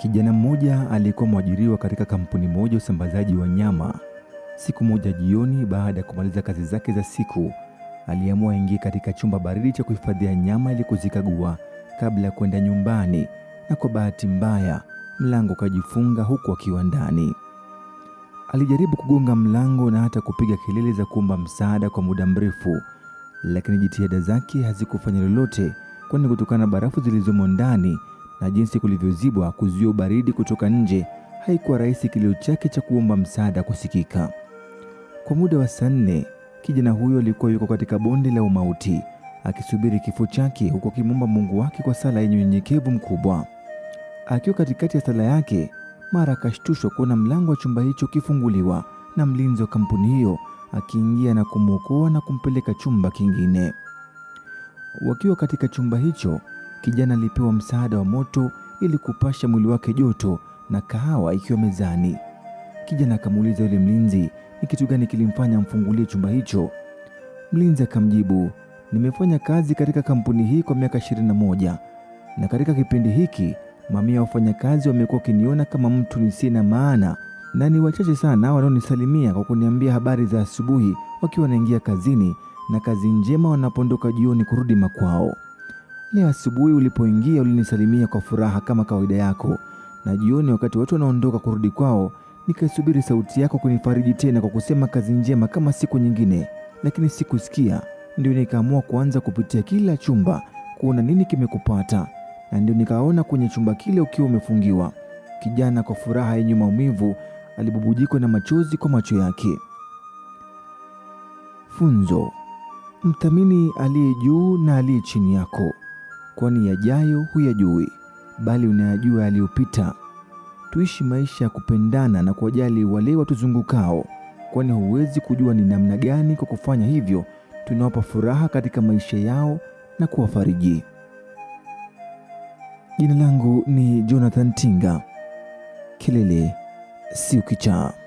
Kijana mmoja aliyekuwa mwajiriwa katika kampuni moja usambazaji wa nyama, siku moja jioni, baada ya kumaliza kazi zake za siku, aliamua aingie katika chumba baridi cha kuhifadhia nyama ili kuzikagua kabla ya kwenda nyumbani, na kwa bahati mbaya mlango ukajifunga huku akiwa ndani. Alijaribu kugonga mlango na hata kupiga kelele za kuomba msaada kwa muda mrefu, lakini jitihada zake hazikufanya lolote, kwani kutokana na barafu zilizomo ndani na jinsi kulivyozibwa kuzuia ubaridi kutoka nje, haikuwa rahisi kilio chake cha kuomba msaada kusikika. Kwa muda wa saa nne, kijana huyo alikuwa yuko katika bonde la umauti akisubiri kifo chake, huku akimwomba Mungu wake kwa sala yenye unyenyekevu mkubwa. Akiwa katikati ya sala yake, mara akashtushwa kuona mlango wa chumba hicho ukifunguliwa na mlinzi wa kampuni hiyo akiingia na kumwokoa na kumpeleka chumba kingine. Wakiwa katika chumba hicho, kijana alipewa msaada wa moto ili kupasha mwili wake joto na kahawa ikiwa mezani. Kijana akamuuliza yule mlinzi ni kitu gani kilimfanya amfungulie chumba hicho. Mlinzi akamjibu, nimefanya kazi katika kampuni hii kwa miaka ishirini na moja na katika kipindi hiki mamia ya wafanyakazi wamekuwa wakiniona kama mtu nisiye na maana, na ni wachache sana wanaonisalimia kwa kuniambia habari za asubuhi wakiwa wanaingia kazini na kazi njema wanapoondoka jioni kurudi makwao. Leo asubuhi ulipoingia ulinisalimia kwa furaha kama kawaida yako, na jioni wakati watu wanaondoka kurudi kwao, nikaisubiri sauti yako kunifariji tena kwa kusema kazi njema kama siku nyingine, lakini sikusikia. Ndio nikaamua kuanza kupitia kila chumba kuona nini kimekupata, na ndio nikaona kwenye chumba kile ukiwa umefungiwa. Kijana kwa furaha yenye maumivu alibubujikwa na machozi kwa macho yake. Funzo: mthamini aliye juu na aliye chini yako kwani yajayo huyajui, bali unayajua yaliyopita. Tuishi maisha ya kupendana na kuwajali wale watuzungukao, kwani huwezi kujua ni namna gani kwa kufanya hivyo tunawapa furaha katika maisha yao na kuwafariji. Jina langu ni Jonathan Tinga. Kelele sio kichaa.